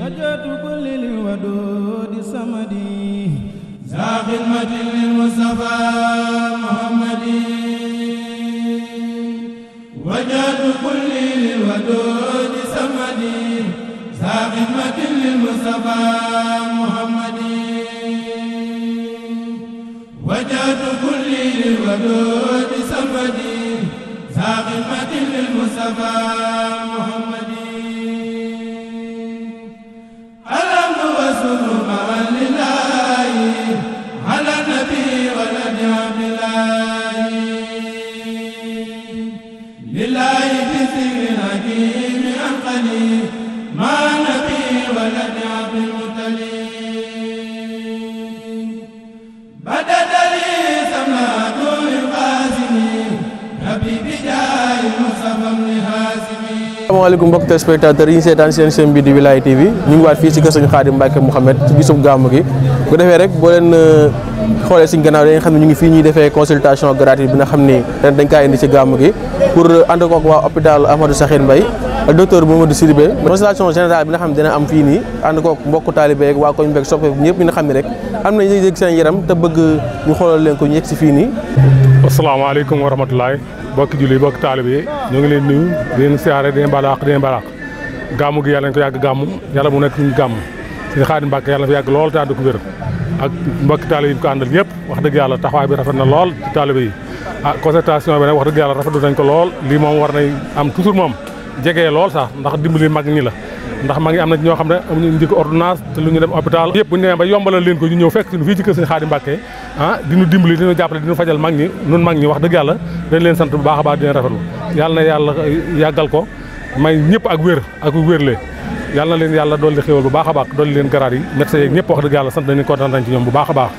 wajatu kullil wadudi samadi za xidmatin lil mustafa muhammadi wajatu kullil wadudi samadi za xidmatin lil mustafa muhammadi wajatu kullil wadudi samadi za xidmatin lil mustafa asalaamaaleykum mbokk téléspectateurs yi ñu seetaan seen chaîne bi di Wilaya TV ñu ngi waat fii ci kër Sëñ Xaadim Mbàkke Mouhamed ci bisub gàmmu gi bu defee rek boo leen euh, xoolee si gannaaw da dañ xam ne ñu ngi fii ñu defee consultation gratuite bi nga xam ni ren dañ kaa indi ci gàmmu gi pour ànd koog waa hôpital Amadou Sakhir Mbaye ak docteur Mamadou Sidibé consultation générale bi nga xam ne dina am fii nii ànd koog mbokku taalibe yeeg waa koñ beeg soppe ñëpp ñi nga xam ne rek am na yëg-yëg seen yaram te bëgg ñu xoolal leen ko ñu yegg si fii nii asalaamaaleykum wa rahmatulaay bokki julli bokki taalibe yi ñu ngi leen nuyu di leen siyaare di leen balaax di leen balaax gàmmu gi yàlla nañ ko yàgg gàmmu yàlla mu nekk suñu gàmm suñu yàgg lool te ànd ko wér ak mbokki taalibe yi ko àndal yëpp wax dëgg yàlla taxawaay bi rafet na lool ci taalibe yi ah concertation bi nag wax dëgg yàlla rafetu nañ ko lool lii moom war nay am toujours moom jegee lool sax ndax dimbali mag ñi la ndax mag ñi am na ñoo xam ne amuñu njëkk ordonnance te lu ñu dem hôpital yëpp bu ñu demee ba yombalal leen ko ñu ñëw fekk suñu fii ci kër Sëñ Xaadim Mbàkke ah diñu dimbali diñu jàppale diñu fajal mag ñi nun mag ñi wax dëgg yàlla dañ leen sant bu baax a baax di leen rafetlu yàlla yàggal ko may ñëpp ak wér ak wérle yàlla na leen yàlla dolli xéwal bu baaxa a baax dolli leen garaar yi médecins yeeg ñëpp wax dëgg yàlla sant nañ kontaan nañ ci ñoom bu baax a baax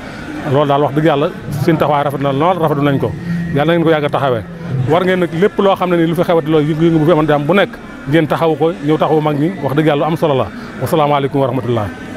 loolu daal wax dëgg yàlla seen taxawaay rafet na lool rafetu nañ ko yàlla na ngeen ko yàgg a war ngeen nag lépp loo xam ne ni lu fi xewati lool yëngu bu fi amoon daam bu nekk ngeen taxaw ko ñëw taxawu mag ñi wax dëgg yàlla am solo la wasalaamaaleykum wa rahmatullah